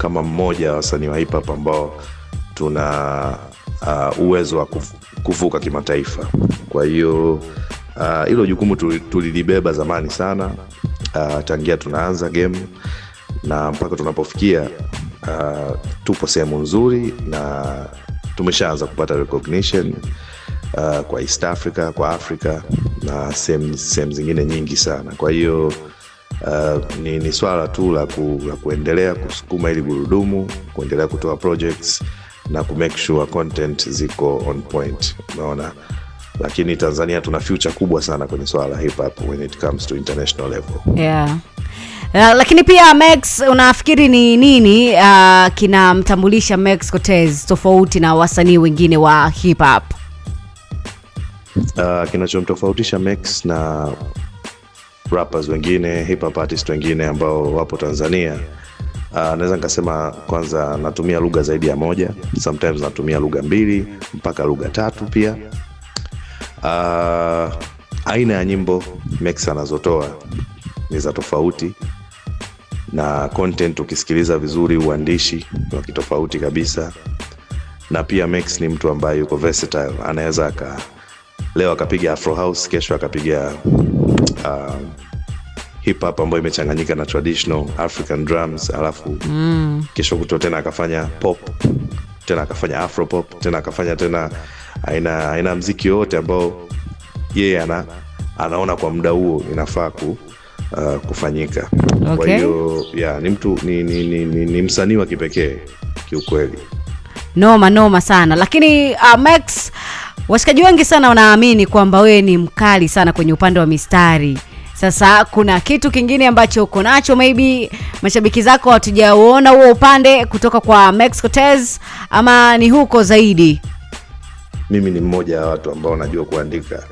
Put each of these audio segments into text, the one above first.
kama mmoja wa wasanii wa hip hop ambao tuna uh, uwezo wa kuvuka kimataifa. Kwa hiyo uh, hilo uh, jukumu tulilibeba zamani sana uh, tangia tunaanza game na mpaka tunapofikia uh, tupo sehemu nzuri na tumeshaanza kupata recognition uh, kwa East Africa, kwa Africa na sehemu zingine nyingi sana. Kwa hiyo uh, ni, ni swala tu la, ku, la kuendelea kusukuma ili gurudumu kuendelea kutoa projects na kumake sure content ziko on point unaona lakini tanzania tuna future kubwa sana kwenye swala la hip hop when it comes to international level yeah Uh, lakini pia Max unafikiri ni nini uh, kinamtambulisha Max tofauti na wasanii wengine wa hip hop? Uh, kinachomtofautisha Max na rappers wengine, hip hop artists wengine ambao wapo Tanzania. Uh, naweza nikasema kwanza natumia lugha zaidi ya moja, sometimes natumia lugha mbili mpaka lugha tatu pia. Uh, aina ya nyimbo mix anazotoa ni za tofauti na content ukisikiliza vizuri, uandishi wa kitofauti kabisa, na pia Max ni mtu ambaye yuko versatile, anaweza leo akapiga afro house, kesho akapiga uh, hip hop ambayo imechanganyika na traditional african drums, alafu mm. kesho kutwa tena akafanya pop, tena akafanya afro pop, tena akafanya tena aina aina mziki yoyote ambao yeye yeah, ana, anaona kwa muda huo inafaa ku uh, kufanyika okay. Kwa hiyo yeah, ni mtu ni, ni, ni, ni, ni msanii wa kipekee kiukweli. Noma noma sana, lakini uh, Max Washikaji wengi sana wanaamini kwamba wewe ni mkali sana kwenye upande wa mistari. Sasa kuna kitu kingine ambacho uko nacho, maybe mashabiki zako hatujaona huo upande kutoka kwa Max Cortez, ama ni huko zaidi? Mimi ni mmoja wa watu ambao najua kuandika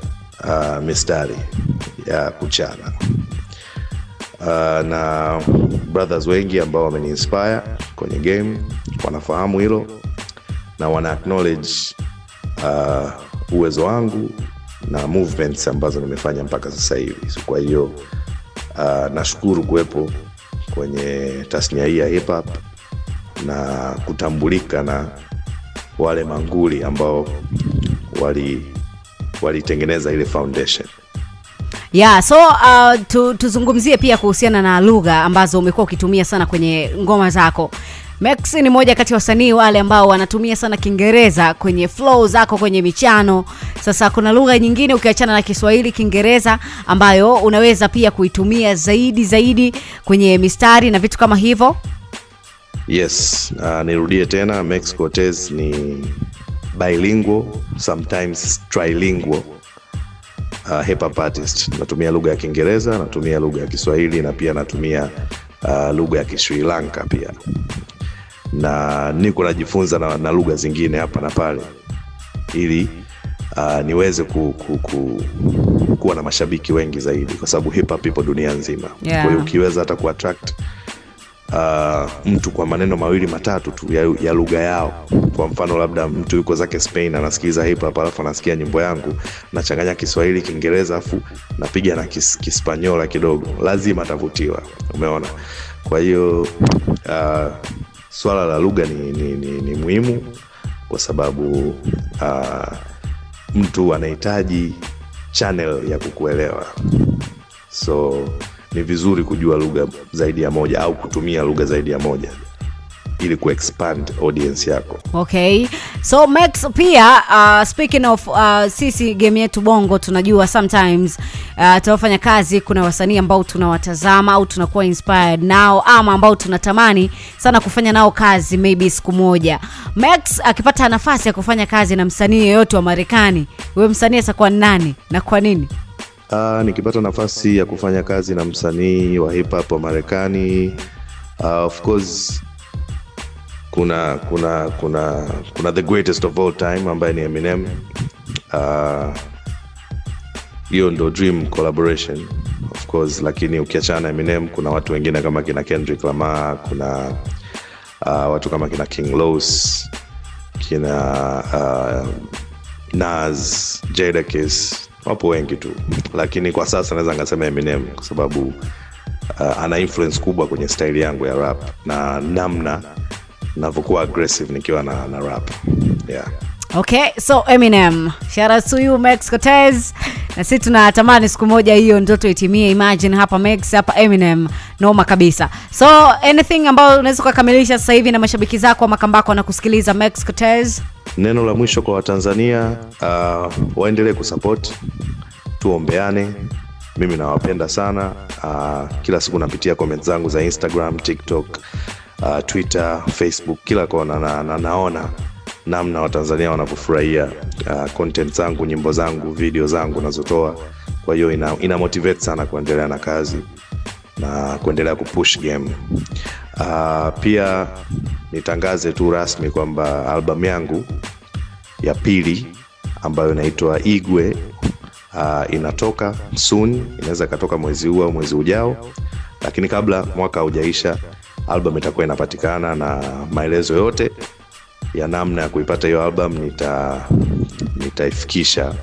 uh, mistari ya kuchana uh, na brothers wengi ambao wameniinspire kwenye game wanafahamu hilo na wana acknowledge uh, ah, uwezo wangu na movements ambazo nimefanya mpaka sasa hivi. So kwa hiyo uh, nashukuru kuwepo kwenye tasnia hii ya hip hop na kutambulika na wale manguli ambao wali walitengeneza ile foundation yeah. So uh, tu, tuzungumzie pia kuhusiana na lugha ambazo umekuwa ukitumia sana kwenye ngoma zako. Max ni moja kati ya wasanii wale ambao wanatumia sana Kiingereza kwenye flow zako kwenye michano. Sasa kuna lugha nyingine ukiachana na Kiswahili, Kiingereza ambayo unaweza pia kuitumia zaidi zaidi kwenye mistari na vitu kama hivyo? Yes, uh, nirudie tena Max Cortez ni bilingual, sometimes trilingual uh, hip hop artist. Natumia lugha ya Kiingereza, natumia lugha ya Kiswahili na pia natumia uh, lugha ya Kisri Lanka pia na niko najifunza na, na lugha zingine hapa na pale ili uh, niweze ku, ku, ku, kuwa na mashabiki wengi zaidi kwa sababu hip hop ipo dunia nzima yeah. kwa hiyo ukiweza hata kuattract uh, mtu kwa maneno mawili matatu tu ya, ya lugha yao kwa mfano labda mtu yuko zake spain anasikiliza hip hop alafu anasikia nyimbo yangu nachanganya kiswahili kiingereza alafu napiga na kis, kispanyola kidogo lazima atavutiwa umeona kwa hiyo uh, swala la lugha ni, ni, ni, ni muhimu kwa sababu uh, mtu anahitaji channel ya kukuelewa so ni vizuri kujua lugha zaidi ya moja au kutumia lugha zaidi ya moja ili kuexpand audience yako. Okay. So Max pia uh, speaking of uh, sisi game yetu Bongo tunajua sometimes uh, tunafanya kazi, kuna wasanii ambao tunawatazama au tunakuwa inspired nao ama ambao tunatamani sana kufanya nao kazi maybe siku moja. Max akipata nafasi ya kufanya kazi na msanii yeyote wa Marekani, wewe msanii atakuwa nani na kwa nini? Uh, nikipata nafasi ya kufanya kazi na msanii wa hip hop wa Marekani, uh, of course kuna kuna kuna kuna the greatest of all time ambaye ni Eminem. Ah, hiyo uh, ndo dream collaboration of course, lakini ukiachana Eminem kuna watu wengine kama kina Kendrick Lamar, kuna uh, watu kama kina King Los, kina uh, Nas, Jadakiss, wapo wengi tu, lakini kwa sasa naweza ngasema Eminem kwa sababu uh, ana influence kubwa kwenye staili yangu ya rap na namna navyokuwa aggressive nikiwa na, na rap yeah. Okay, so Eminem, shout out to you Mex Cortez. Na sisi tunatamani siku moja hiyo ndoto itimie. Imagine hapa max hapa Eminem, noma kabisa. So anything ambayo unaweza kukamilisha sasa hivi na mashabiki zako makambako kambako wanakusikiliza max Cortez? Neno la mwisho kwa Watanzania, uh, waendelee kusupport, tuombeane. Mimi nawapenda sana. Uh, kila siku napitia comments zangu za Instagram, TikTok uh, Twitter, Facebook, kila kona na, na naona namna Watanzania wanavyofurahia uh, zangu, nyimbo zangu, video zangu nazotoa. Kwa hiyo ina, ina motivate sana kuendelea na kazi na kuendelea kupush game. Uh, pia nitangaze tu rasmi kwamba albamu yangu ya pili ambayo inaitwa Igwe uh, inatoka soon, inaweza ikatoka mwezi huu au mwezi ujao, lakini kabla mwaka haujaisha album itakuwa inapatikana na maelezo yote ya namna ya kuipata hiyo album nita nitaifikisha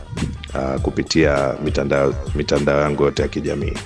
uh, kupitia mitandao mitandao yangu yote ya kijamii